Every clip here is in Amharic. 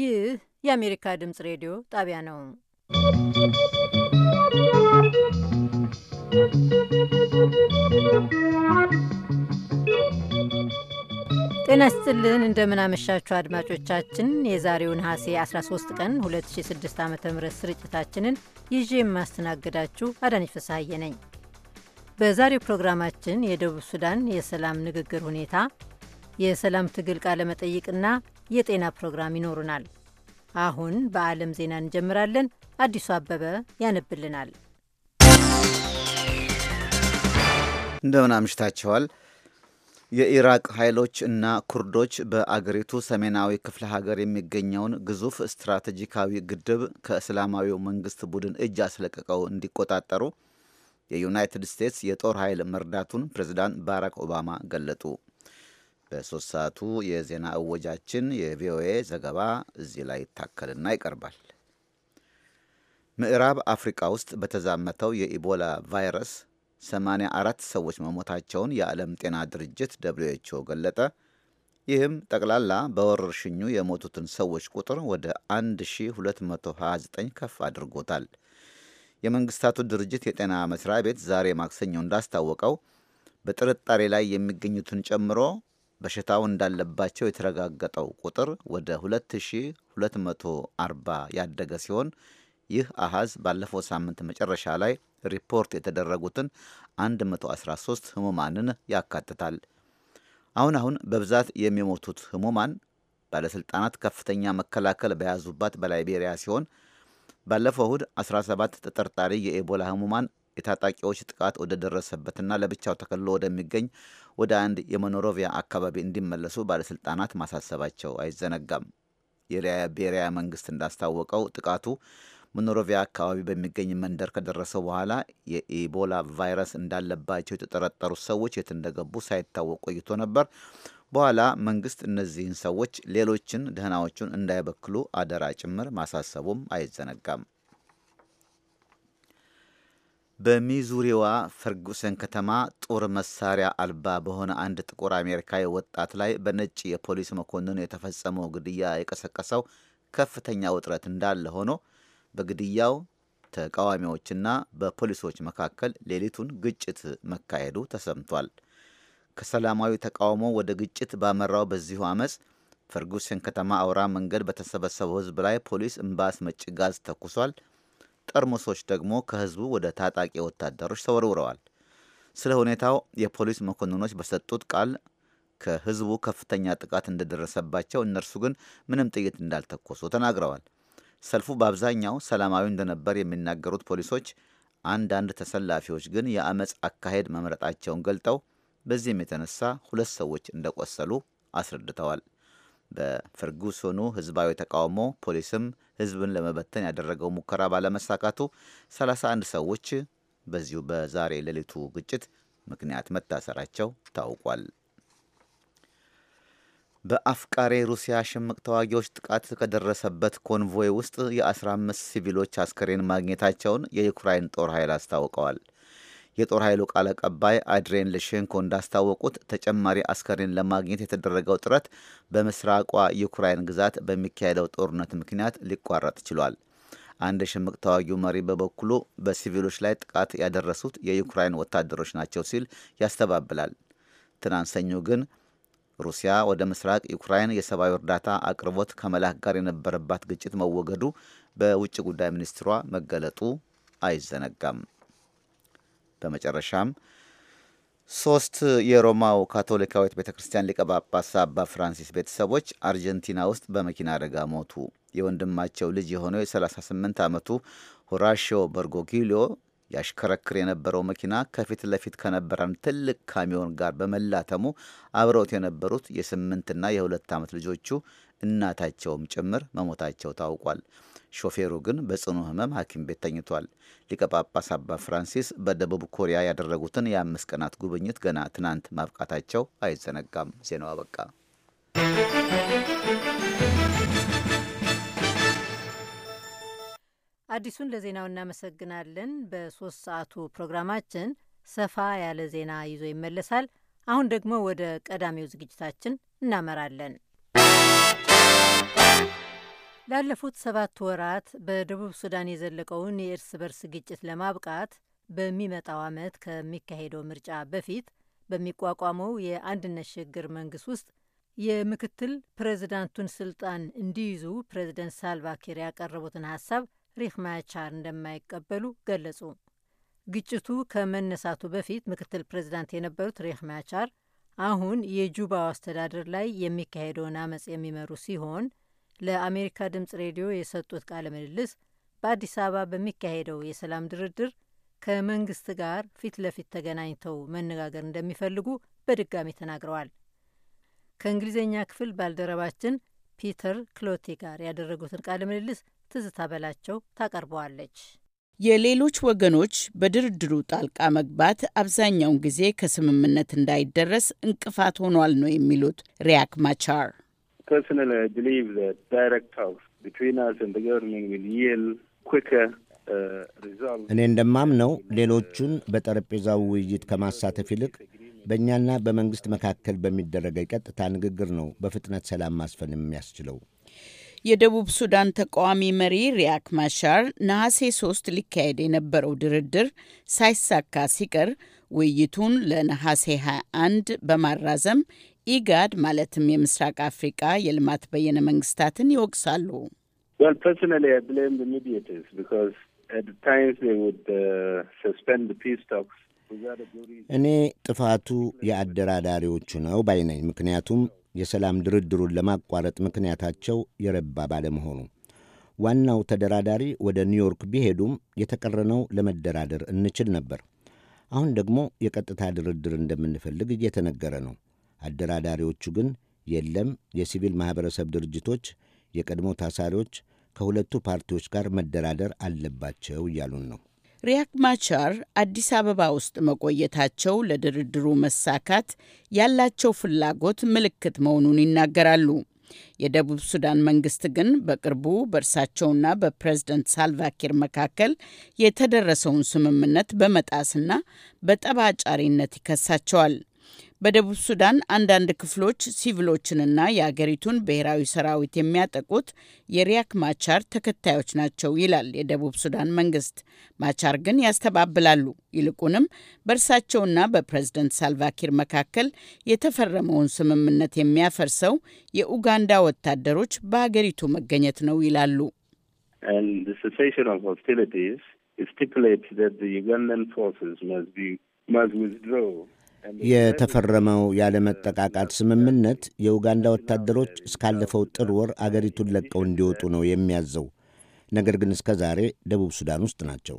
ይህ የአሜሪካ ድምፅ ሬዲዮ ጣቢያ ነው። ጤና ይስጥልን እንደምናመሻችሁ አድማጮቻችን የዛሬውን ነሐሴ 13 ቀን 2006 ዓ ም ስርጭታችንን ይዤ የማስተናግዳችሁ አዳነች ፍስሐዬ ነኝ። በዛሬው ፕሮግራማችን የደቡብ ሱዳን የሰላም ንግግር ሁኔታ፣ የሰላም ትግል ቃለ መጠይቅና የጤና ፕሮግራም ይኖሩናል። አሁን በዓለም ዜና እንጀምራለን። አዲሱ አበበ ያነብልናል። እንደምን አምሽታችኋል። የኢራቅ ኃይሎች እና ኩርዶች በአገሪቱ ሰሜናዊ ክፍለ ሀገር የሚገኘውን ግዙፍ ስትራቴጂካዊ ግድብ ከእስላማዊው መንግስት ቡድን እጅ አስለቅቀው እንዲቆጣጠሩ የዩናይትድ ስቴትስ የጦር ኃይል መርዳቱን ፕሬዚዳንት ባራክ ኦባማ ገለጡ። በሶስት ሰዓቱ የዜና እወጃችን የቪኦኤ ዘገባ እዚህ ላይ ይታከልና ይቀርባል። ምዕራብ አፍሪካ ውስጥ በተዛመተው የኢቦላ ቫይረስ 84 ሰዎች መሞታቸውን የዓለም ጤና ድርጅት ደብልዩ ኤች ኦ ገለጠ። ይህም ጠቅላላ በወረርሽኙ የሞቱትን ሰዎች ቁጥር ወደ 1229 ከፍ አድርጎታል። የመንግስታቱ ድርጅት የጤና መስሪያ ቤት ዛሬ ማክሰኞ እንዳስታወቀው በጥርጣሬ ላይ የሚገኙትን ጨምሮ በሽታው እንዳለባቸው የተረጋገጠው ቁጥር ወደ 2240 ያደገ ሲሆን ይህ አሃዝ ባለፈው ሳምንት መጨረሻ ላይ ሪፖርት የተደረጉትን 113 ህሙማንን ያካትታል። አሁን አሁን በብዛት የሚሞቱት ህሙማን ባለሥልጣናት ከፍተኛ መከላከል በያዙባት በላይቤሪያ ሲሆን ባለፈው እሁድ 17 ተጠርጣሪ የኤቦላ ህሙማን የታጣቂዎች ጥቃት ወደ ደረሰበትና ለብቻው ተከልሎ ወደሚገኝ ወደ አንድ የመኖሮቪያ አካባቢ እንዲመለሱ ባለሥልጣናት ማሳሰባቸው አይዘነጋም። የሊቤሪያ መንግስት እንዳስታወቀው ጥቃቱ መኖሮቪያ አካባቢ በሚገኝ መንደር ከደረሰ በኋላ የኢቦላ ቫይረስ እንዳለባቸው የተጠረጠሩት ሰዎች የት እንደገቡ ሳይታወቅ ቆይቶ ነበር። በኋላ መንግስት እነዚህን ሰዎች ሌሎችን ደህናዎቹን እንዳይበክሉ አደራ ጭምር ማሳሰቡም አይዘነጋም። በሚዙሪዋ ፈርጉሰን ከተማ ጦር መሳሪያ አልባ በሆነ አንድ ጥቁር አሜሪካዊ ወጣት ላይ በነጭ የፖሊስ መኮንን የተፈጸመው ግድያ የቀሰቀሰው ከፍተኛ ውጥረት እንዳለ ሆኖ በግድያው ተቃዋሚዎችና በፖሊሶች መካከል ሌሊቱን ግጭት መካሄዱ ተሰምቷል። ከሰላማዊ ተቃውሞ ወደ ግጭት ባመራው በዚሁ አመፅ ፈርጉሰን ከተማ አውራ መንገድ በተሰበሰበው ህዝብ ላይ ፖሊስ እምባ መጭ ጋዝ ተኩሷል። ጠርሙሶች ደግሞ ከህዝቡ ወደ ታጣቂ ወታደሮች ተወርውረዋል። ስለ ሁኔታው የፖሊስ መኮንኖች በሰጡት ቃል ከህዝቡ ከፍተኛ ጥቃት እንደደረሰባቸው እነርሱ ግን ምንም ጥይት እንዳልተኮሱ ተናግረዋል። ሰልፉ በአብዛኛው ሰላማዊ እንደነበር የሚናገሩት ፖሊሶች አንዳንድ ተሰላፊዎች ግን የአመፅ አካሄድ መምረጣቸውን ገልጠው በዚህም የተነሳ ሁለት ሰዎች እንደቆሰሉ አስረድተዋል። በፈርጉሶኑ ህዝባዊ ተቃውሞ ፖሊስም ህዝብን ለመበተን ያደረገው ሙከራ ባለመሳካቱ 31 ሰዎች በዚሁ በዛሬ ሌሊቱ ግጭት ምክንያት መታሰራቸው ታውቋል። በአፍቃሪ ሩሲያ ሽምቅ ተዋጊዎች ጥቃት ከደረሰበት ኮንቮይ ውስጥ የ15 ሲቪሎች አስከሬን ማግኘታቸውን የዩክራይን ጦር ኃይል አስታውቀዋል። የጦር ኃይሉ ቃል አቀባይ አድሬን ልሼንኮ እንዳስታወቁት ተጨማሪ አስከሬን ለማግኘት የተደረገው ጥረት በምስራቋ ዩክራይን ግዛት በሚካሄደው ጦርነት ምክንያት ሊቋረጥ ችሏል። አንድ ሽምቅ ተዋጊው መሪ በበኩሉ በሲቪሎች ላይ ጥቃት ያደረሱት የዩክራይን ወታደሮች ናቸው ሲል ያስተባብላል። ትናንት ሰኞ ግን ሩሲያ ወደ ምስራቅ ዩክራይን የሰብአዊ እርዳታ አቅርቦት ከመላክ ጋር የነበረባት ግጭት መወገዱ በውጭ ጉዳይ ሚኒስትሯ መገለጡ አይዘነጋም። በመጨረሻም ሶስት የሮማው ካቶሊካዊት ቤተ ክርስቲያን ሊቀ ጳጳስ አባ ፍራንሲስ ቤተሰቦች አርጀንቲና ውስጥ በመኪና አደጋ ሞቱ። የወንድማቸው ልጅ የሆነው የ38 ዓመቱ ሆራሾ በርጎጊሎ ያሽከረክር የነበረው መኪና ከፊት ለፊት ከነበረን ትልቅ ካሚዮን ጋር በመላተሙ አብረውት የነበሩት የስምንትና የሁለት ዓመት ልጆቹ እናታቸውም ጭምር መሞታቸው ታውቋል። ሾፌሩ ግን በጽኑ ህመም ሐኪም ቤት ተኝቷል። ሊቀ ጳጳስ አባ ፍራንሲስ በደቡብ ኮሪያ ያደረጉትን የአምስት ቀናት ጉብኝት ገና ትናንት ማብቃታቸው አይዘነጋም። ዜናው አበቃ። አዲሱን ለዜናው እናመሰግናለን። በሶስት ሰዓቱ ፕሮግራማችን ሰፋ ያለ ዜና ይዞ ይመለሳል። አሁን ደግሞ ወደ ቀዳሚው ዝግጅታችን እናመራለን። ላለፉት ሰባት ወራት በደቡብ ሱዳን የዘለቀውን የእርስ በርስ ግጭት ለማብቃት በሚመጣው ዓመት ከሚካሄደው ምርጫ በፊት በሚቋቋመው የአንድነት ሽግግር መንግስት ውስጥ የምክትል ፕሬዚዳንቱን ስልጣን እንዲይዙ ፕሬዚደንት ሳልቫኪር ያቀረቡትን ሀሳብ ሪክ ማቻር እንደማይቀበሉ ገለጹ። ግጭቱ ከመነሳቱ በፊት ምክትል ፕሬዚዳንት የነበሩት ሪክ ማቻር አሁን የጁባው አስተዳደር ላይ የሚካሄደውን አመፅ የሚመሩ ሲሆን ለአሜሪካ ድምፅ ሬዲዮ የሰጡት ቃለ ምልልስ በአዲስ አበባ በሚካሄደው የሰላም ድርድር ከመንግስት ጋር ፊት ለፊት ተገናኝተው መነጋገር እንደሚፈልጉ በድጋሚ ተናግረዋል። ከእንግሊዝኛ ክፍል ባልደረባችን ፒተር ክሎቴ ጋር ያደረጉትን ቃለ ምልልስ ትዝታ በላቸው ታቀርበዋለች። የሌሎች ወገኖች በድርድሩ ጣልቃ መግባት አብዛኛውን ጊዜ ከስምምነት እንዳይደረስ እንቅፋት ሆኗል ነው የሚሉት ሪያክ ማቻር personally, I believe that direct talks between us and the government will yield quicker uh, እኔ እንደማምነው ሌሎቹን በጠረጴዛው ውይይት ከማሳተፍ ይልቅ በእኛና በመንግሥት መካከል በሚደረገ የቀጥታ ንግግር ነው በፍጥነት ሰላም ማስፈን የሚያስችለው። የደቡብ ሱዳን ተቃዋሚ መሪ ሪያክ ማሻር ነሐሴ ሶስት ሊካሄድ የነበረው ድርድር ሳይሳካ ሲቀር ውይይቱን ለነሐሴ 21 በማራዘም ኢጋድ ማለትም የምስራቅ አፍሪቃ የልማት በየነ መንግስታትን ይወቅሳሉ። uh, እኔ ጥፋቱ የአደራዳሪዎቹ ነው ባይነኝ። ምክንያቱም የሰላም ድርድሩን ለማቋረጥ ምክንያታቸው የረባ ባለመሆኑ ዋናው ተደራዳሪ ወደ ኒውዮርክ ቢሄዱም የተቀረነው ለመደራደር እንችል ነበር። አሁን ደግሞ የቀጥታ ድርድር እንደምንፈልግ እየተነገረ ነው። አደራዳሪዎቹ ግን የለም፣ የሲቪል ማኅበረሰብ ድርጅቶች የቀድሞ ታሳሪዎች ከሁለቱ ፓርቲዎች ጋር መደራደር አለባቸው እያሉን ነው። ሪያክ ማቻር አዲስ አበባ ውስጥ መቆየታቸው ለድርድሩ መሳካት ያላቸው ፍላጎት ምልክት መሆኑን ይናገራሉ። የደቡብ ሱዳን መንግስት ግን በቅርቡ በእርሳቸውና በፕሬዝደንት ሳልቫኪር መካከል የተደረሰውን ስምምነት በመጣስና በጠባጫሪነት ይከሳቸዋል። በደቡብ ሱዳን አንዳንድ ክፍሎች ሲቪሎችንና የአገሪቱን ብሔራዊ ሰራዊት የሚያጠቁት የሪያክ ማቻር ተከታዮች ናቸው ይላል የደቡብ ሱዳን መንግስት። ማቻር ግን ያስተባብላሉ። ይልቁንም በእርሳቸውና በፕሬዝደንት ሳልቫኪር መካከል የተፈረመውን ስምምነት የሚያፈርሰው የኡጋንዳ ወታደሮች በአገሪቱ መገኘት ነው ይላሉ። የተፈረመው ያለመጠቃቃት ስምምነት የኡጋንዳ ወታደሮች እስካለፈው ጥር ወር አገሪቱን ለቀው እንዲወጡ ነው የሚያዘው። ነገር ግን እስከ ዛሬ ደቡብ ሱዳን ውስጥ ናቸው።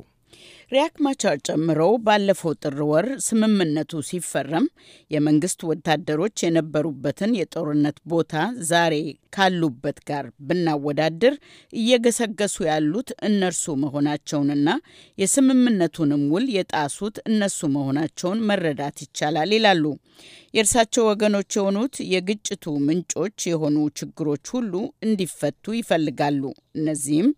ሪያክ ማቻር ጨምሮ ባለፈው ጥር ወር ስምምነቱ ሲፈረም የመንግስት ወታደሮች የነበሩበትን የጦርነት ቦታ ዛሬ ካሉበት ጋር ብናወዳድር እየገሰገሱ ያሉት እነርሱ መሆናቸውንና የስምምነቱንም ውል የጣሱት እነሱ መሆናቸውን መረዳት ይቻላል ይላሉ። የእርሳቸው ወገኖች የሆኑት የግጭቱ ምንጮች የሆኑ ችግሮች ሁሉ እንዲፈቱ ይፈልጋሉ። እነዚህም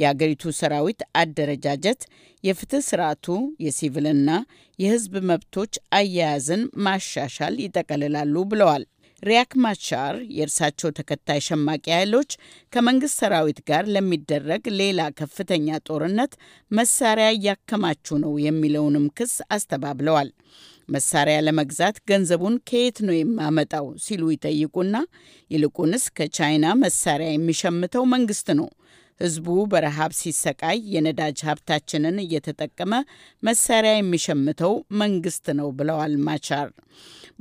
የአገሪቱ ሰራዊት አደረጃጀት፣ የፍትህ ስርዓቱ፣ የሲቪልና የህዝብ መብቶች አያያዝን ማሻሻል ይጠቀልላሉ ብለዋል። ሪያክ ማቻር የእርሳቸው ተከታይ ሸማቂ ኃይሎች ከመንግስት ሰራዊት ጋር ለሚደረግ ሌላ ከፍተኛ ጦርነት መሳሪያ እያከማቹ ነው የሚለውንም ክስ አስተባብለዋል። መሳሪያ ለመግዛት ገንዘቡን ከየት ነው የማመጣው ሲሉ ይጠይቁና ይልቁንስ ከቻይና መሳሪያ የሚሸምተው መንግስት ነው ህዝቡ በረሃብ ሲሰቃይ የነዳጅ ሀብታችንን እየተጠቀመ መሳሪያ የሚሸምተው መንግስት ነው ብለዋል ማቻር።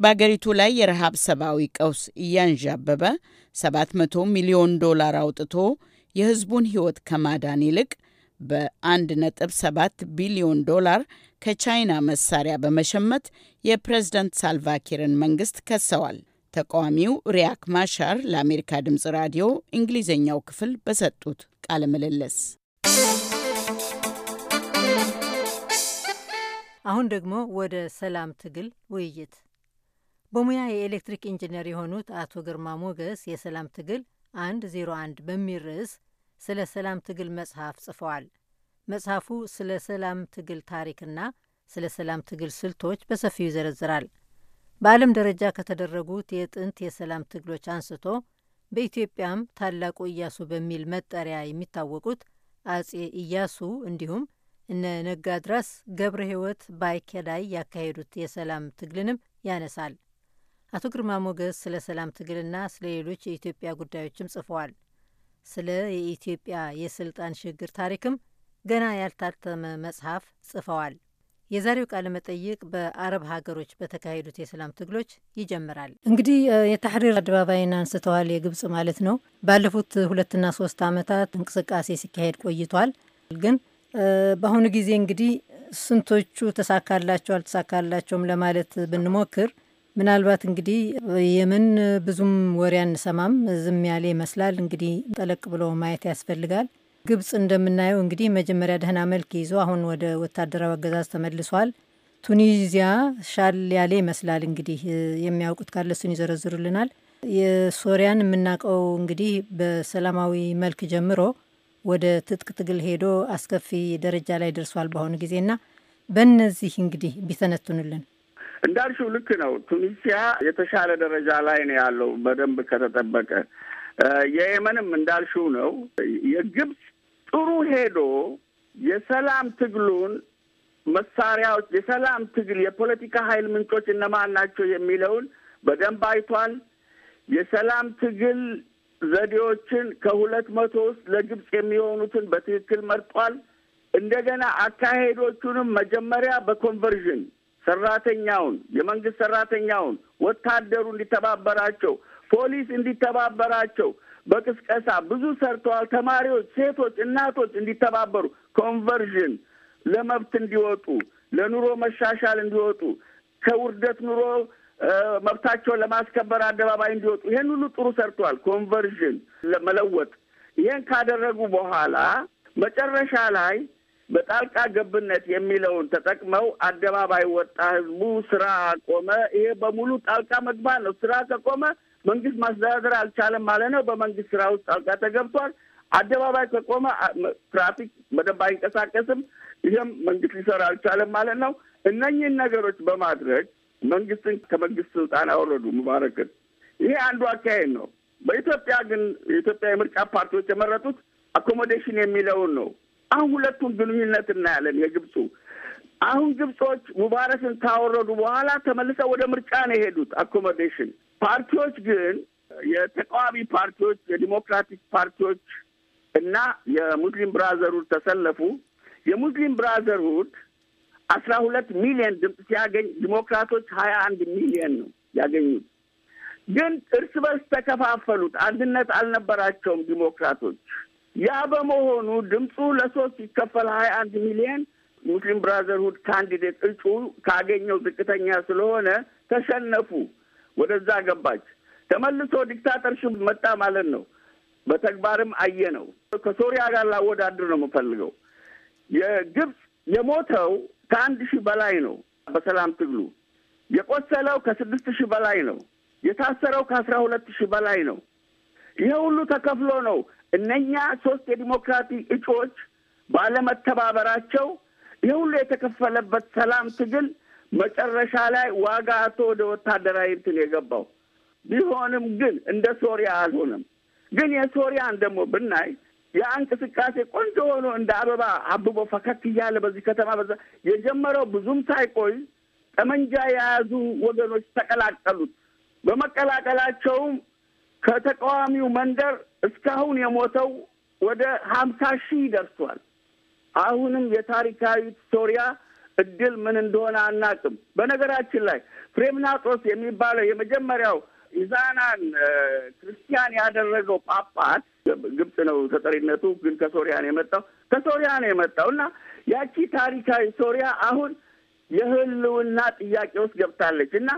በአገሪቱ ላይ የረሃብ ሰብአዊ ቀውስ እያንዣበበ 700 ሚሊዮን ዶላር አውጥቶ የህዝቡን ህይወት ከማዳን ይልቅ በ1.7 ቢሊዮን ዶላር ከቻይና መሳሪያ በመሸመት የፕሬዝደንት ሳልቫኪርን መንግስት ከሰዋል። ተቃዋሚው ሪያክ ማሻር ለአሜሪካ ድምፅ ራዲዮ እንግሊዝኛው ክፍል በሰጡት ቃለ ምልልስ። አሁን ደግሞ ወደ ሰላም ትግል ውይይት። በሙያ የኤሌክትሪክ ኢንጂነር የሆኑት አቶ ግርማ ሞገስ የሰላም ትግል 101 በሚል ርዕስ ስለ ሰላም ትግል መጽሐፍ ጽፈዋል። መጽሐፉ ስለ ሰላም ትግል ታሪክና ስለ ሰላም ትግል ስልቶች በሰፊው ይዘረዝራል። በዓለም ደረጃ ከተደረጉት የጥንት የሰላም ትግሎች አንስቶ በኢትዮጵያም ታላቁ እያሱ በሚል መጠሪያ የሚታወቁት አጼ እያሱ እንዲሁም እነ ነጋድራስ ገብረ ሕይወት ባይከዳይ ያካሄዱት የሰላም ትግልንም ያነሳል። አቶ ግርማ ሞገስ ስለ ሰላም ትግልና ስለ ሌሎች የኢትዮጵያ ጉዳዮችም ጽፈዋል። ስለ የኢትዮጵያ የስልጣን ሽግግር ታሪክም ገና ያልታተመ መጽሐፍ ጽፈዋል። የዛሬው ቃለ መጠይቅ በአረብ ሀገሮች በተካሄዱት የሰላም ትግሎች ይጀምራል። እንግዲህ የታሕሪር አደባባይን አንስተዋል፣ የግብጽ ማለት ነው። ባለፉት ሁለትና ሶስት ዓመታት እንቅስቃሴ ሲካሄድ ቆይቷል። ግን በአሁኑ ጊዜ እንግዲህ ስንቶቹ ተሳካላቸው አልተሳካላቸውም ለማለት ብንሞክር ምናልባት እንግዲህ የምን ብዙም ወሬ አንሰማም፣ ዝም ያለ ይመስላል። እንግዲህ ጠለቅ ብሎ ማየት ያስፈልጋል። ግብጽ እንደምናየው እንግዲህ መጀመሪያ ደህና መልክ ይዞ አሁን ወደ ወታደራዊ አገዛዝ ተመልሷል። ቱኒዚያ ሻል ያለ ይመስላል። እንግዲህ የሚያውቁት ካለ እሱን ይዘረዝሩልናል። የሶሪያን የምናውቀው እንግዲህ በሰላማዊ መልክ ጀምሮ ወደ ትጥቅ ትግል ሄዶ አስከፊ ደረጃ ላይ ደርሷል በአሁኑ ጊዜና በእነዚህ እንግዲህ ቢተነትኑልን እንዳልሽው ልክ ነው። ቱኒሲያ የተሻለ ደረጃ ላይ ነው ያለው በደንብ ከተጠበቀ። የየመንም እንዳልሽው ነው። የግብፅ ጥሩ ሄዶ የሰላም ትግሉን መሳሪያዎች የሰላም ትግል የፖለቲካ ኃይል ምንጮች እነማን ናቸው የሚለውን በደንብ አይቷል። የሰላም ትግል ዘዴዎችን ከሁለት መቶ ውስጥ ለግብፅ የሚሆኑትን በትክክል መርጧል። እንደገና አካሄዶቹንም መጀመሪያ በኮንቨርዥን ሰራተኛውን፣ የመንግስት ሰራተኛውን፣ ወታደሩ እንዲተባበራቸው፣ ፖሊስ እንዲተባበራቸው በቅስቀሳ ብዙ ሰርተዋል። ተማሪዎች፣ ሴቶች፣ እናቶች እንዲተባበሩ ኮንቨርዥን ለመብት እንዲወጡ ለኑሮ መሻሻል እንዲወጡ ከውርደት ኑሮ መብታቸውን ለማስከበር አደባባይ እንዲወጡ ይሄን ሁሉ ጥሩ ሰርተዋል። ኮንቨርዥን ለመለወጥ ይሄን ካደረጉ በኋላ መጨረሻ ላይ በጣልቃ ገብነት የሚለውን ተጠቅመው አደባባይ ወጣ፣ ህዝቡ ስራ ቆመ። ይሄ በሙሉ ጣልቃ መግባት ነው። ስራ ከቆመ መንግስት ማስተዳደር አልቻለም ማለት ነው። በመንግስት ስራ ውስጥ ጣልቃ ተገብቷል። አደባባይ ከቆመ ትራፊክ በደንብ አይንቀሳቀስም። ይህም መንግስት ሊሰራ አልቻለም ማለት ነው። እነኝህን ነገሮች በማድረግ መንግስትን ከመንግስት ስልጣን አወረዱ ሙባረክን። ይሄ አንዱ አካሄድ ነው። በኢትዮጵያ ግን የኢትዮጵያ የምርጫ ፓርቲዎች የመረጡት አኮሞዴሽን የሚለውን ነው። አሁን ሁለቱን ግንኙነት እናያለን። የግብፁ አሁን ግብጾች ሙባረክን ካወረዱ በኋላ ተመልሰው ወደ ምርጫ ነው የሄዱት። አኮሞዴሽን ፓርቲዎች ግን የተቃዋሚ ፓርቲዎች የዲሞክራቲክ ፓርቲዎች እና የሙስሊም ብራዘርሁድ ተሰለፉ። የሙስሊም ብራዘርሁድ አስራ ሁለት ሚሊዮን ድምፅ ሲያገኝ ዲሞክራቶች ሀያ አንድ ሚሊዮን ነው ያገኙት። ግን እርስ በርስ ተከፋፈሉት። አንድነት አልነበራቸውም ዲሞክራቶች። ያ በመሆኑ ድምፁ ለሶስት ይከፈል ሀያ አንድ ሚሊዮን ሙስሊም ብራዘርሁድ ካንዲዴት እጩ ካገኘው ዝቅተኛ ስለሆነ ተሸነፉ። ወደዛ ገባች። ተመልሶ ዲክታተርሽፕ መጣ ማለት ነው። በተግባርም አየ ነው። ከሶሪያ ጋር ላወዳድር ነው የምፈልገው። የግብፅ የሞተው ከአንድ ሺህ በላይ ነው በሰላም ትግሉ። የቆሰለው ከስድስት ሺህ በላይ ነው። የታሰረው ከአስራ ሁለት ሺህ በላይ ነው። ይሄ ሁሉ ተከፍሎ ነው እነኛ ሶስት የዲሞክራቲ እጩዎች ባለመተባበራቸው ይህ ሁሉ የተከፈለበት ሰላም ትግል መጨረሻ ላይ ዋጋ አቶ ወደ ወታደራዊ እንትን የገባው ቢሆንም ግን እንደ ሶሪያ አልሆነም። ግን የሶሪያን ደግሞ ብናይ ያ እንቅስቃሴ ቆንጆ ሆኖ እንደ አበባ አብቦ ፈከክ እያለ በዚህ ከተማ በዛ የጀመረው ብዙም ሳይቆይ ጠመንጃ የያዙ ወገኖች ተቀላቀሉት። በመቀላቀላቸውም ከተቃዋሚው መንደር እስካሁን የሞተው ወደ ሀምሳ ሺህ ደርሷል። አሁንም የታሪካዊት ሶሪያ እድል ምን እንደሆነ አናቅም። በነገራችን ላይ ፍሬምናጦስ የሚባለው የመጀመሪያው ኢዛናን ክርስቲያን ያደረገው ጳጳስ ግብጽ ነው ተጠሪነቱ፣ ግን ከሶሪያ ነው የመጣው ከሶሪያ ነው የመጣው እና ያቺ ታሪካዊ ሶሪያ አሁን የህልውና ጥያቄ ውስጥ ገብታለች እና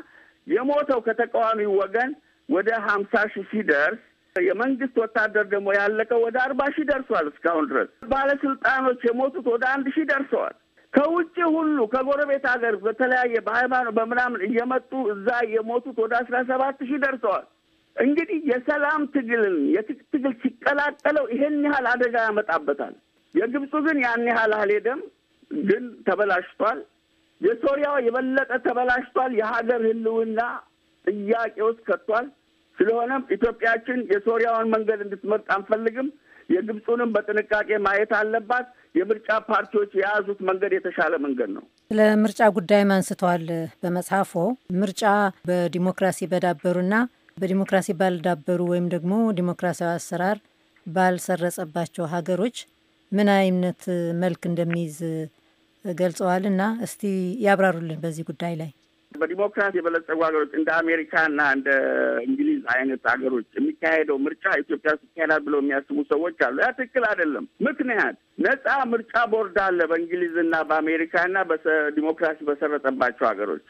የሞተው ከተቃዋሚው ወገን ወደ ሀምሳ ሺህ ሲደርስ የመንግስት ወታደር ደግሞ ያለቀው ወደ አርባ ሺህ ደርሷል። እስካሁን ድረስ ባለስልጣኖች የሞቱት ወደ አንድ ሺህ ደርሰዋል። ከውጭ ሁሉ ከጎረቤት ሀገር በተለያየ በሃይማኖት በምናምን እየመጡ እዛ የሞቱት ወደ አስራ ሰባት ሺህ ደርሰዋል። እንግዲህ የሰላም ትግልን የትግል ሲቀላቀለው ይሄን ያህል አደጋ ያመጣበታል። የግብፁ ግን ያን ያህል አልሄደም፣ ግን ተበላሽቷል። የሶሪያው የበለጠ ተበላሽቷል። የሀገር ህልውና ጥያቄ ውስጥ ከቷል። ስለሆነም ኢትዮጵያችን የሶሪያውን መንገድ እንድትመርጥ አንፈልግም። የግብፁንም በጥንቃቄ ማየት አለባት። የምርጫ ፓርቲዎች የያዙት መንገድ የተሻለ መንገድ ነው። ስለ ምርጫ ጉዳይም አንስተዋል በመጽሐፎ ምርጫ በዲሞክራሲ በዳበሩና በዲሞክራሲ ባልዳበሩ ወይም ደግሞ ዲሞክራሲያዊ አሰራር ባልሰረጸባቸው ሀገሮች ምን አይነት መልክ እንደሚይዝ ገልጸዋል እና እስቲ ያብራሩልን በዚህ ጉዳይ ላይ በዲሞክራሲ የበለጸጉ ሀገሮች እንደ አሜሪካና እንደ እንግሊዝ አይነት ሀገሮች የሚካሄደው ምርጫ ኢትዮጵያ ውስጥ ይካሄዳል ብለው የሚያስቡ ሰዎች አሉ። ያ ትክክል አይደለም። ምክንያት ነጻ ምርጫ ቦርድ አለ በእንግሊዝና በአሜሪካና በዲሞክራሲ በሰረጠባቸው ሀገሮች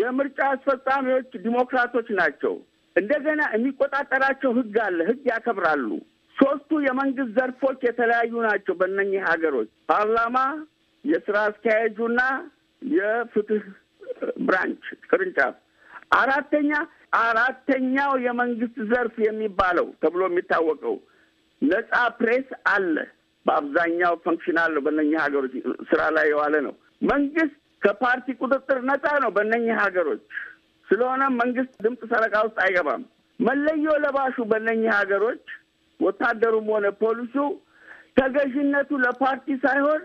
የምርጫ አስፈጻሚዎች ዲሞክራቶች ናቸው። እንደገና የሚቆጣጠራቸው ህግ አለ። ህግ ያከብራሉ። ሶስቱ የመንግስት ዘርፎች የተለያዩ ናቸው በእነኚህ ሀገሮች ፓርላማ፣ የስራ አስኪያጁና የፍትህ ብራንች ቅርንጫፍ አራተኛ አራተኛው የመንግስት ዘርፍ የሚባለው ተብሎ የሚታወቀው ነጻ ፕሬስ አለ። በአብዛኛው ፈንክሽናል በእነኛ ሀገሮች ስራ ላይ የዋለ ነው። መንግስት ከፓርቲ ቁጥጥር ነጻ ነው በእነኛ ሀገሮች። ስለሆነ መንግስት ድምፅ ሰረቃ ውስጥ አይገባም። መለዮ ለባሹ በእነኛ ሀገሮች ወታደሩም ሆነ ፖሊሱ ተገዥነቱ ለፓርቲ ሳይሆን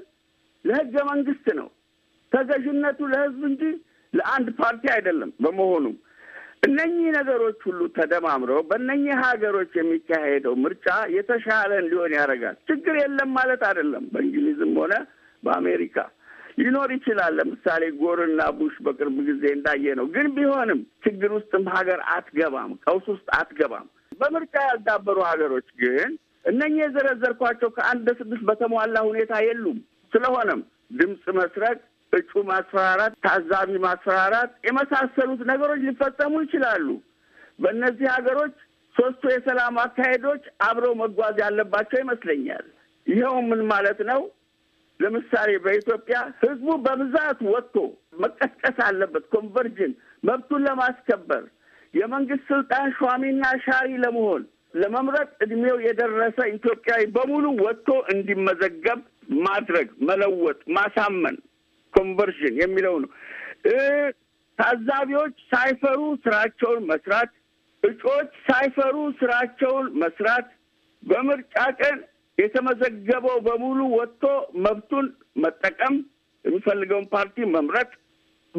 ለህገ መንግስት ነው። ተገዥነቱ ለህዝብ እንጂ ለአንድ ፓርቲ አይደለም። በመሆኑ እነኚህ ነገሮች ሁሉ ተደማምረው በእነኚህ ሀገሮች የሚካሄደው ምርጫ የተሻለ እንዲሆን ያደርጋል። ችግር የለም ማለት አይደለም። በእንግሊዝም ሆነ በአሜሪካ ሊኖር ይችላል። ለምሳሌ ጎርና ቡሽ በቅርብ ጊዜ እንዳየ ነው። ግን ቢሆንም ችግር ውስጥም ሀገር አትገባም፣ ቀውስ ውስጥ አትገባም። በምርጫ ያልዳበሩ ሀገሮች ግን እነኚህ የዘረዘርኳቸው ከአንድ ስድስት በተሟላ ሁኔታ የሉም። ስለሆነም ድምፅ መስረቅ እጩ ማስፈራራት፣ ታዛቢ ማስፈራራት የመሳሰሉት ነገሮች ሊፈጸሙ ይችላሉ። በእነዚህ ሀገሮች ሶስቱ የሰላም አካሄዶች አብረው መጓዝ ያለባቸው ይመስለኛል። ይኸው ምን ማለት ነው? ለምሳሌ በኢትዮጵያ ህዝቡ በብዛት ወጥቶ መቀስቀስ አለበት። ኮንቨርጅን መብቱን ለማስከበር የመንግስት ስልጣን ሿሚና ሻሪ ለመሆን ለመምረጥ እድሜው የደረሰ ኢትዮጵያዊ በሙሉ ወጥቶ እንዲመዘገብ ማድረግ፣ መለወጥ፣ ማሳመን ኮንቨርዥን የሚለው ነው። ታዛቢዎች ሳይፈሩ ስራቸውን መስራት፣ እጩዎች ሳይፈሩ ስራቸውን መስራት፣ በምርጫ ቀን የተመዘገበው በሙሉ ወጥቶ መብቱን መጠቀም፣ የሚፈልገውን ፓርቲ መምረጥ።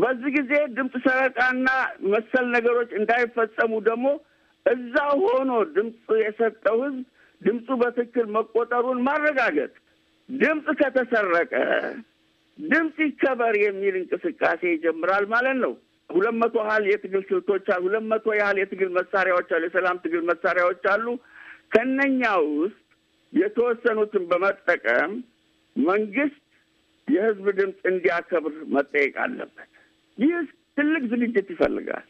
በዚህ ጊዜ ድምፅ ሰረቃና መሰል ነገሮች እንዳይፈጸሙ ደግሞ እዛ ሆኖ ድምፅ የሰጠው ህዝብ ድምፁ በትክክል መቆጠሩን ማረጋገጥ። ድምፅ ከተሰረቀ ድምፅ ይከበር የሚል እንቅስቃሴ ይጀምራል ማለት ነው። ሁለት መቶ ያህል የትግል ስልቶች አሉ። ሁለት መቶ ያህል የትግል መሳሪያዎች አሉ። የሰላም ትግል መሳሪያዎች አሉ። ከነኛ ውስጥ የተወሰኑትን በመጠቀም መንግስት የህዝብ ድምፅ እንዲያከብር መጠየቅ አለበት። ይህ ትልቅ ዝግጅት ይፈልጋል።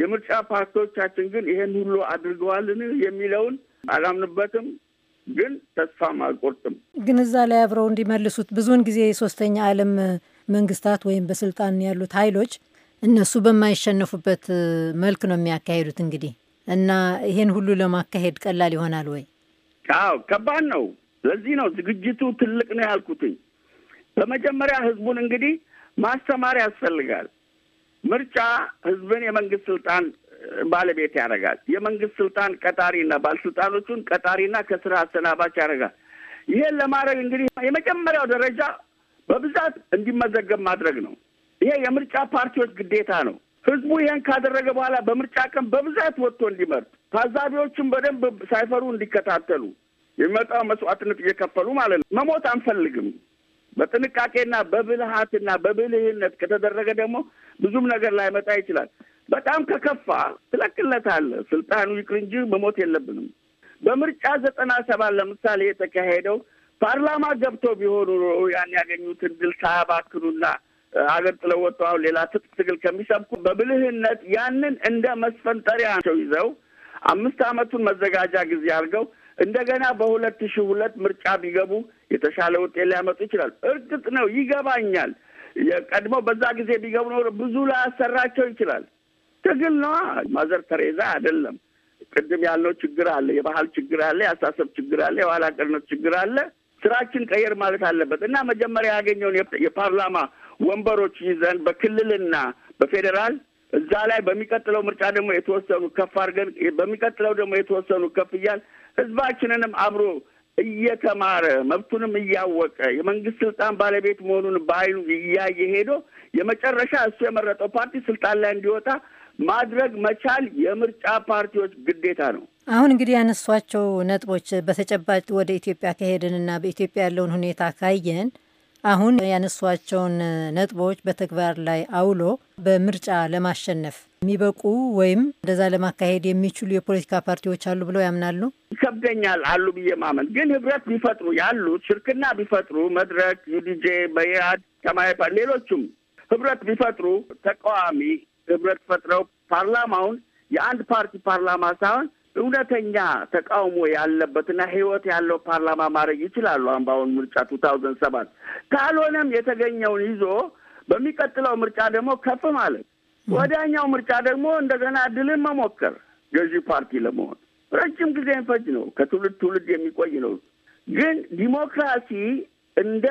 የምርጫ ፓርቲዎቻችን ግን ይሄን ሁሉ አድርገዋልን የሚለውን አላምንበትም። ግን ተስፋም አልቆርጥም። ግን እዛ ላይ አብረው እንዲመልሱት ብዙውን ጊዜ የሶስተኛ ዓለም መንግስታት ወይም በስልጣን ያሉት ኃይሎች እነሱ በማይሸነፉበት መልክ ነው የሚያካሄዱት እንግዲህ እና ይሄን ሁሉ ለማካሄድ ቀላል ይሆናል ወይ? አዎ ከባድ ነው። ለዚህ ነው ዝግጅቱ ትልቅ ነው ያልኩትኝ። በመጀመሪያ ህዝቡን እንግዲህ ማስተማር ያስፈልጋል። ምርጫ ህዝብን የመንግስት ስልጣን ባለቤት ያደርጋል። የመንግስት ስልጣን ቀጣሪና ባለስልጣኖቹን ቀጣሪና ከስራ አሰናባች ያደርጋል። ይሄን ለማድረግ እንግዲህ የመጀመሪያው ደረጃ በብዛት እንዲመዘገብ ማድረግ ነው። ይሄ የምርጫ ፓርቲዎች ግዴታ ነው። ህዝቡ ይህን ካደረገ በኋላ በምርጫ ቀን በብዛት ወጥቶ እንዲመርጥ፣ ታዛቢዎችም በደንብ ሳይፈሩ እንዲከታተሉ የሚመጣው መስዋዕትነት እየከፈሉ ማለት ነው። መሞት አንፈልግም። በጥንቃቄና በብልሃትና በብልህነት ከተደረገ ደግሞ ብዙም ነገር ላይመጣ ይችላል። በጣም ከከፋ ትለቅለታለህ። ስልጣኑ ይቅር እንጂ መሞት የለብንም። በምርጫ ዘጠና ሰባት ለምሳሌ የተካሄደው ፓርላማ ገብቶ ቢሆኑ ያን ያገኙትን ድል ሳያባክኑና አገር ጥለው አሁን ሌላ ትጥቅ ትግል ከሚሰብኩ በብልህነት ያንን እንደ ቸው ይዘው አምስት ዓመቱን መዘጋጃ ጊዜ አድርገው እንደገና በሁለት ሺህ ሁለት ምርጫ ቢገቡ የተሻለ ውጤት ሊያመጡ ይችላል። እርግጥ ነው ይገባኛል። የቀድሞ በዛ ጊዜ ቢገቡ ኖሮ ብዙ ላያሰራቸው ይችላል። ትግል ነዋ። ማዘር ተሬዛ አይደለም። ቅድም ያልነው ችግር አለ፣ የባህል ችግር አለ፣ የአስተሳሰብ ችግር አለ፣ የኋላ ቀርነት ችግር አለ። ስራችን ቀየር ማለት አለበት እና መጀመሪያ ያገኘውን የፓርላማ ወንበሮች ይዘን በክልልና በፌዴራል እዛ ላይ በሚቀጥለው ምርጫ ደግሞ የተወሰኑ ከፍ አድርገን በሚቀጥለው ደግሞ የተወሰኑ ከፍ እያል ህዝባችንንም አብሮ እየተማረ መብቱንም እያወቀ የመንግስት ስልጣን ባለቤት መሆኑን በአይኑ እያየ ሄዶ የመጨረሻ እሱ የመረጠው ፓርቲ ስልጣን ላይ እንዲወጣ ማድረግ መቻል የምርጫ ፓርቲዎች ግዴታ ነው። አሁን እንግዲህ ያነሷቸው ነጥቦች በተጨባጭ ወደ ኢትዮጵያ ከሄድንና በኢትዮጵያ ያለውን ሁኔታ ካየን አሁን ያነሷቸውን ነጥቦች በተግባር ላይ አውሎ በምርጫ ለማሸነፍ የሚበቁ ወይም እንደዛ ለማካሄድ የሚችሉ የፖለቲካ ፓርቲዎች አሉ ብለው ያምናሉ? ይከብደኛል አሉ ብዬ ማመን። ግን ህብረት ቢፈጥሩ ያሉት ሽርክና ቢፈጥሩ መድረክ፣ ዩዲጄ፣ በኢህአድ ሰማያዊ ሌሎቹም ህብረት ቢፈጥሩ ተቃዋሚ ህብረት ፈጥረው ፓርላማውን የአንድ ፓርቲ ፓርላማ ሳይሆን እውነተኛ ተቃውሞ ያለበትና ህይወት ያለው ፓርላማ ማድረግ ይችላሉ። አምባውን ምርጫ ቱ ታውዘንድ ሰባት ካልሆነም የተገኘውን ይዞ በሚቀጥለው ምርጫ ደግሞ ከፍ ማለት ወዲያኛው ምርጫ ደግሞ እንደገና ድልን መሞከር ገዢ ፓርቲ ለመሆን ረጅም ጊዜ ፈጅ ነው። ከትውልድ ትውልድ የሚቆይ ነው። ግን ዲሞክራሲ እንደ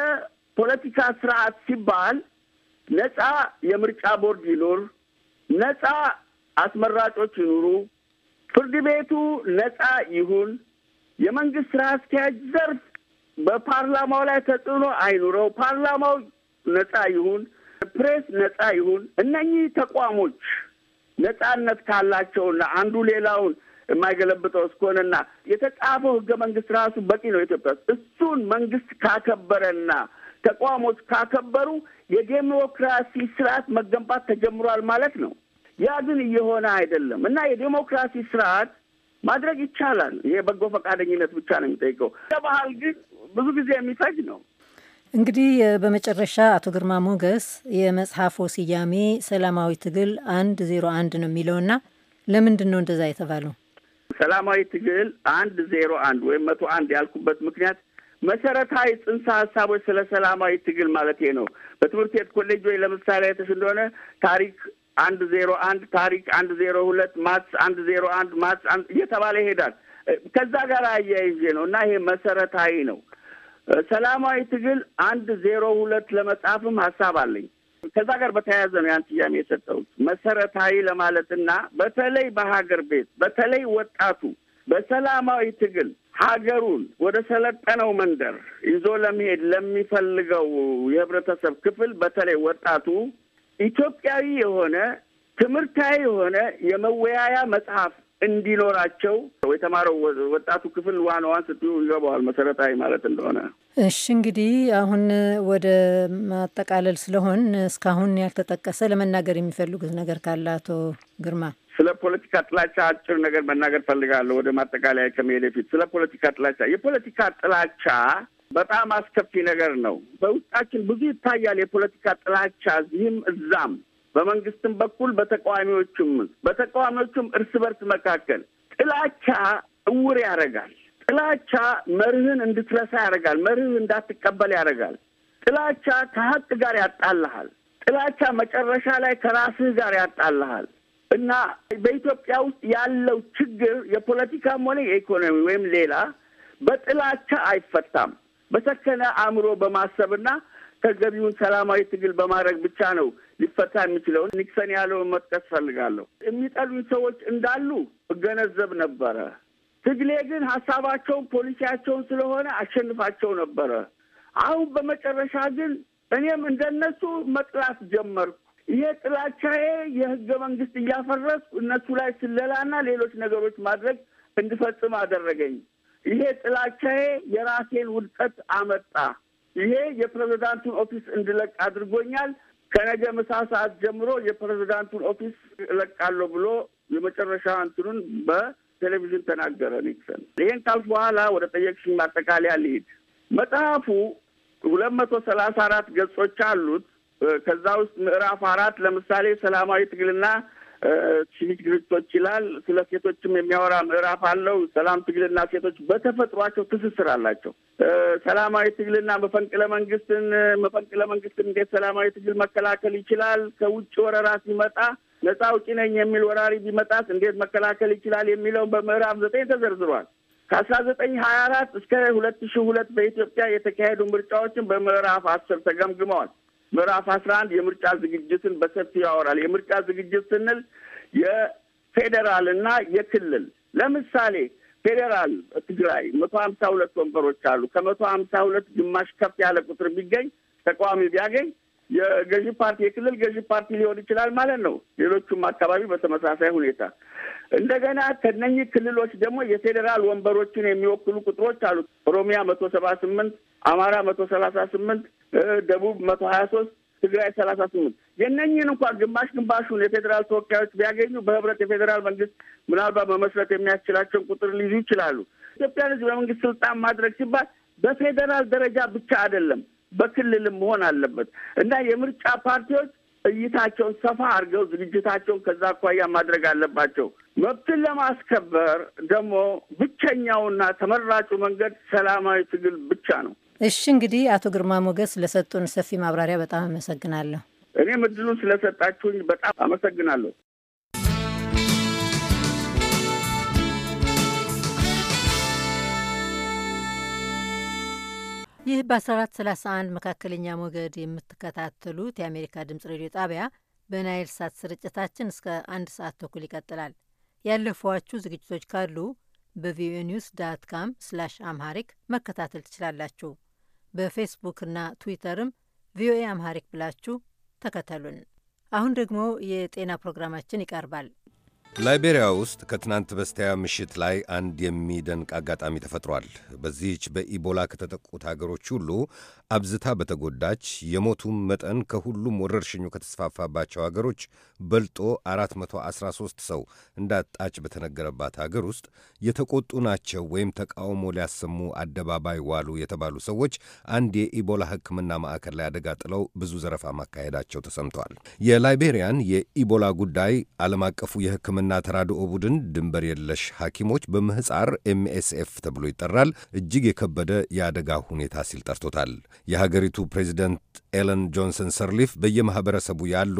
ፖለቲካ ስርዓት ሲባል ነፃ የምርጫ ቦርድ ይኑር፣ ነፃ አስመራጮች ይኑሩ ፍርድ ቤቱ ነጻ ይሁን፣ የመንግስት ስራ አስኪያጅ ዘርፍ በፓርላማው ላይ ተጽዕኖ አይኑረው፣ ፓርላማው ነጻ ይሁን፣ ፕሬስ ነጻ ይሁን። እነኚህ ተቋሞች ነጻነት ካላቸውና አንዱ ሌላውን የማይገለብጠው እስከሆነና የተጻፈው ህገ መንግስት ራሱ በቂ ነው ኢትዮጵያ ውስጥ። እሱን መንግስት ካከበረና ተቋሞች ካከበሩ የዴሞክራሲ ስርዓት መገንባት ተጀምሯል ማለት ነው። ያ ግን እየሆነ አይደለም እና የዴሞክራሲ ስርዓት ማድረግ ይቻላል። ይሄ በጎ ፈቃደኝነት ብቻ ነው የሚጠይቀው። ለባህል ግን ብዙ ጊዜ የሚፈጅ ነው። እንግዲህ በመጨረሻ አቶ ግርማ ሞገስ የመጽሐፎ ስያሜ ሰላማዊ ትግል አንድ ዜሮ አንድ ነው የሚለውና ለምንድን ነው እንደዛ የተባለው? ሰላማዊ ትግል አንድ ዜሮ አንድ ወይም መቶ አንድ ያልኩበት ምክንያት መሰረታዊ ጽንሰ ሀሳቦች ስለ ሰላማዊ ትግል ማለት ነው። በትምህርት ቤት ኮሌጅ ወይ ለምሳሌ የተሽ እንደሆነ ታሪክ አንድ ዜሮ አንድ ታሪክ አንድ ዜሮ ሁለት ማትስ አንድ ዜሮ አንድ ማትስ እየተባለ ይሄዳል። ከዛ ጋር አያይዤ ነው እና ይሄ መሰረታዊ ነው። ሰላማዊ ትግል አንድ ዜሮ ሁለት ለመጻፍም ሀሳብ አለኝ። ከዛ ጋር በተያያዘ ነው ያን ስያሜ የሰጠሁት መሰረታዊ ለማለትና በተለይ በሀገር ቤት በተለይ ወጣቱ በሰላማዊ ትግል ሀገሩን ወደ ሰለጠነው መንደር ይዞ ለመሄድ ለሚፈልገው የህብረተሰብ ክፍል በተለይ ወጣቱ ኢትዮጵያዊ የሆነ ትምህርታዊ የሆነ የመወያያ መጽሐፍ እንዲኖራቸው የተማረው ወጣቱ ክፍል ዋናዋን ስት ይገባዋል መሰረታዊ ማለት እንደሆነ። እሺ እንግዲህ አሁን ወደ ማጠቃለል ስለሆን እስካሁን ያልተጠቀሰ ለመናገር የሚፈልጉት ነገር ካለ አቶ ግርማ። ስለ ፖለቲካ ጥላቻ አጭር ነገር መናገር ፈልጋለሁ። ወደ ማጠቃለያ ከመሄድ ፊት ስለ ፖለቲካ ጥላቻ የፖለቲካ ጥላቻ በጣም አስከፊ ነገር ነው። በውስጣችን ብዙ ይታያል የፖለቲካ ጥላቻ እዚህም እዛም፣ በመንግስትም በኩል በተቃዋሚዎቹም በተቃዋሚዎቹም እርስ በርስ መካከል ጥላቻ እውር ያደርጋል። ጥላቻ መርህን እንድትረሳ ያደርጋል። መርህ እንዳትቀበል ያደርጋል። ጥላቻ ከሀቅ ጋር ያጣልሃል። ጥላቻ መጨረሻ ላይ ከራስህ ጋር ያጣልሃል እና በኢትዮጵያ ውስጥ ያለው ችግር የፖለቲካም ሆነ የኢኮኖሚ ወይም ሌላ በጥላቻ አይፈታም። በሰከነ አእምሮ በማሰብና ተገቢውን ሰላማዊ ትግል በማድረግ ብቻ ነው ሊፈታ የሚችለው። ኒክሰን ያለውን መጥቀስ ፈልጋለሁ። የሚጠሉኝ ሰዎች እንዳሉ እገነዘብ ነበረ። ትግሌ ግን ሀሳባቸውን፣ ፖሊሲያቸውን ስለሆነ አሸንፋቸው ነበረ። አሁን በመጨረሻ ግን እኔም እንደነሱ መጥላት ጀመርኩ። ይሄ ጥላቻዬ የህገ መንግስት እያፈረስኩ እነሱ ላይ ስለላና ሌሎች ነገሮች ማድረግ እንድፈጽም አደረገኝ። ይሄ ጥላቻዬ የራሴን ውድቀት አመጣ። ይሄ የፕሬዚዳንቱን ኦፊስ እንድለቅ አድርጎኛል። ከነገ ምሳ ሰዓት ጀምሮ የፕሬዚዳንቱን ኦፊስ እለቃለሁ ብሎ የመጨረሻ እንትኑን በቴሌቪዥን ተናገረ ኒክሰን። ይሄን ካልፍ በኋላ ወደ ጠየቅሽኝ ማጠቃለያ ልሂድ። መጽሐፉ ሁለት መቶ ሰላሳ አራት ገጾች አሉት። ከዛ ውስጥ ምዕራፍ አራት ለምሳሌ ሰላማዊ ትግልና ሲቪክ ድርጅቶች ይላል። ስለ ሴቶችም የሚያወራ ምዕራፍ አለው። ሰላም ትግልና ሴቶች በተፈጥሯቸው ትስስር አላቸው። ሰላማዊ ትግልና መፈንቅለ መንግስትን መፈንቅለ መንግስትን እንዴት ሰላማዊ ትግል መከላከል ይችላል? ከውጭ ወረራ ሲመጣ ነፃ አውጪ ነኝ የሚል ወራሪ ቢመጣት እንዴት መከላከል ይችላል? የሚለውን በምዕራፍ ዘጠኝ ተዘርዝሯል። ከአስራ ዘጠኝ ሀያ አራት እስከ ሁለት ሺ ሁለት በኢትዮጵያ የተካሄዱ ምርጫዎችን በምዕራፍ አስር ተገምግመዋል። ምዕራፍ አስራ አንድ የምርጫ ዝግጅትን በሰፊው ያወራል። የምርጫ ዝግጅት ስንል የፌዴራል እና የክልል ለምሳሌ ፌዴራል ትግራይ መቶ ሀምሳ ሁለት ወንበሮች አሉ። ከመቶ ሀምሳ ሁለት ግማሽ ከፍ ያለ ቁጥር ቢገኝ ተቃዋሚ ቢያገኝ የገዢ ፓርቲ የክልል ገዢ ፓርቲ ሊሆን ይችላል ማለት ነው። ሌሎቹም አካባቢ በተመሳሳይ ሁኔታ እንደገና ከነኚህ ክልሎች ደግሞ የፌዴራል ወንበሮችን የሚወክሉ ቁጥሮች አሉት። ኦሮሚያ መቶ ሰባ ስምንት አማራ መቶ ሰላሳ ስምንት ደቡብ መቶ ሀያ ሶስት ትግራይ ሰላሳ ስምንት የነኝን እንኳን ግማሽ ግማሹን የፌዴራል ተወካዮች ቢያገኙ በህብረት የፌዴራል መንግስት ምናልባት መመስረት የሚያስችላቸውን ቁጥር ሊይዙ ይችላሉ። ኢትዮጵያን ህዝብ በመንግስት ስልጣን ማድረግ ሲባል በፌዴራል ደረጃ ብቻ አይደለም በክልልም መሆን አለበት እና የምርጫ ፓርቲዎች እይታቸውን ሰፋ አድርገው ዝግጅታቸውን ከዛ አኳያ ማድረግ አለባቸው። መብትን ለማስከበር ደግሞ ብቸኛውና ተመራጩ መንገድ ሰላማዊ ትግል ብቻ ነው። እሺ እንግዲህ አቶ ግርማ ሞገስ ለሰጡን ሰፊ ማብራሪያ በጣም አመሰግናለሁ። እኔም እድሉን ስለሰጣችሁኝ በጣም አመሰግናለሁ። ይህ በ1431 መካከለኛ ሞገድ የምትከታተሉት የአሜሪካ ድምጽ ሬዲዮ ጣቢያ በናይል ሳት ስርጭታችን እስከ አንድ ሰዓት ተኩል ይቀጥላል። ያለፏችሁ ዝግጅቶች ካሉ በቪኦኤ ኒውስ ዳት ካም ስላሽ አምሃሪክ መከታተል ትችላላችሁ። በፌስቡክና ትዊተርም ቪኦኤ አምሃሪክ ብላችሁ ተከተሉን። አሁን ደግሞ የጤና ፕሮግራማችን ይቀርባል። ላይቤሪያ ውስጥ ከትናንት በስቲያ ምሽት ላይ አንድ የሚደንቅ አጋጣሚ ተፈጥሯል። በዚህች በኢቦላ ከተጠቁት አገሮች ሁሉ አብዝታ በተጎዳች የሞቱም መጠን ከሁሉም ወረርሽኙ ከተስፋፋባቸው አገሮች በልጦ 413 ሰው እንዳጣች በተነገረባት አገር ውስጥ የተቆጡ ናቸው ወይም ተቃውሞ ሊያሰሙ አደባባይ ዋሉ የተባሉ ሰዎች አንድ የኢቦላ ሕክምና ማዕከል ላይ አደጋ ጥለው ብዙ ዘረፋ ማካሄዳቸው ተሰምተዋል። የላይቤሪያን የኢቦላ ጉዳይ ዓለም አቀፉ የሕክምና የሕክምና ተራድኦ ቡድን ድንበር የለሽ ሐኪሞች በምህፃር ኤምኤስኤፍ ተብሎ ይጠራል። እጅግ የከበደ የአደጋ ሁኔታ ሲል ጠርቶታል። የሀገሪቱ ፕሬዚደንት ኤለን ጆንሰን ሰርሊፍ በየማኅበረሰቡ ያሉ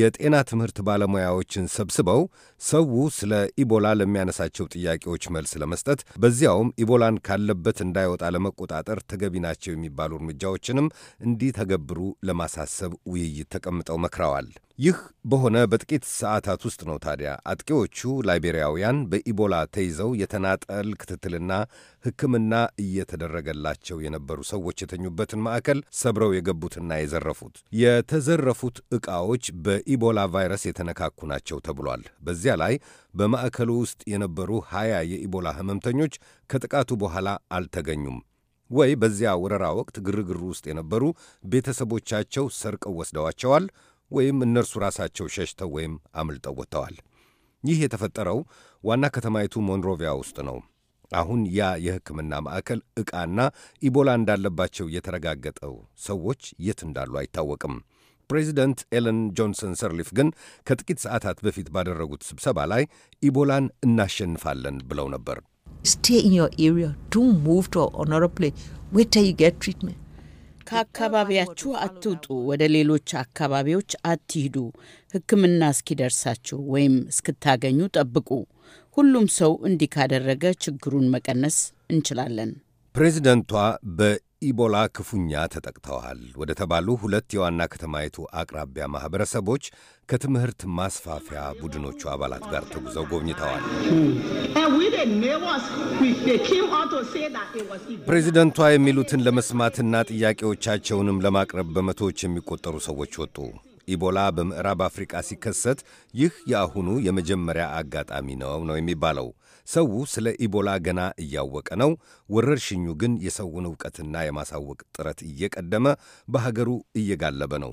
የጤና ትምህርት ባለሙያዎችን ሰብስበው ሰው ስለ ኢቦላ ለሚያነሳቸው ጥያቄዎች መልስ ለመስጠት በዚያውም ኢቦላን ካለበት እንዳይወጣ ለመቆጣጠር ተገቢ ናቸው የሚባሉ እርምጃዎችንም እንዲተገብሩ ለማሳሰብ ውይይት ተቀምጠው መክረዋል። ይህ በሆነ በጥቂት ሰዓታት ውስጥ ነው ታዲያ አጥቂዎቹ ላይቤሪያውያን በኢቦላ ተይዘው የተናጠል ክትትልና ሕክምና እየተደረገላቸው የነበሩ ሰዎች የተኙበትን ማዕከል ሰብረው የገቡት የወሰዱትና የዘረፉት። የተዘረፉት ዕቃዎች በኢቦላ ቫይረስ የተነካኩ ናቸው ተብሏል። በዚያ ላይ በማዕከሉ ውስጥ የነበሩ ሀያ የኢቦላ ህመምተኞች ከጥቃቱ በኋላ አልተገኙም ወይ በዚያ ወረራ ወቅት ግርግሩ ውስጥ የነበሩ ቤተሰቦቻቸው ሰርቀው ወስደዋቸዋል ወይም እነርሱ ራሳቸው ሸሽተው ወይም አምልጠው ወጥተዋል። ይህ የተፈጠረው ዋና ከተማይቱ ሞንሮቪያ ውስጥ ነው። አሁን ያ የሕክምና ማዕከል ዕቃና ኢቦላ እንዳለባቸው የተረጋገጠው ሰዎች የት እንዳሉ አይታወቅም። ፕሬዚደንት ኤለን ጆንሰን ሰርሊፍ ግን ከጥቂት ሰዓታት በፊት ባደረጉት ስብሰባ ላይ ኢቦላን እናሸንፋለን ብለው ነበር። ከአካባቢያችሁ አትውጡ፣ ወደ ሌሎች አካባቢዎች አትሂዱ፣ ሕክምና እስኪደርሳችሁ ወይም እስክታገኙ ጠብቁ። ሁሉም ሰው እንዲህ ካደረገ ችግሩን መቀነስ እንችላለን። ፕሬዚደንቷ በኢቦላ ክፉኛ ተጠቅተዋል ወደ ተባሉ ሁለት የዋና ከተማይቱ አቅራቢያ ማኅበረሰቦች ከትምህርት ማስፋፊያ ቡድኖቹ አባላት ጋር ተጉዘው ጎብኝተዋል። ፕሬዚደንቷ የሚሉትን ለመስማትና ጥያቄዎቻቸውንም ለማቅረብ በመቶዎች የሚቆጠሩ ሰዎች ወጡ። ኢቦላ በምዕራብ አፍሪቃ ሲከሰት ይህ የአሁኑ የመጀመሪያ አጋጣሚ ነው ነው የሚባለው። ሰው ስለ ኢቦላ ገና እያወቀ ነው። ወረርሽኙ ግን የሰውን እውቀትና የማሳወቅ ጥረት እየቀደመ በሀገሩ እየጋለበ ነው።